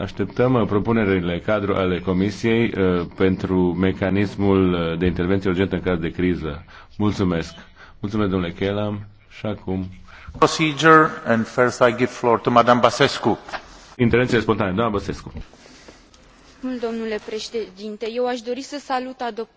Așteptăm uh, propunerile cadru ale Comisiei uh, pentru mecanismul uh, de intervenție urgentă în caz de criză. Mulțumesc. Mulțumesc, domnule Chelam. Și acum... Procedure and first I give floor to Madame Basescu. Intervenție spontană. Doamna Basescu. Mult, domnule președinte, eu aș dori să salut adoptarea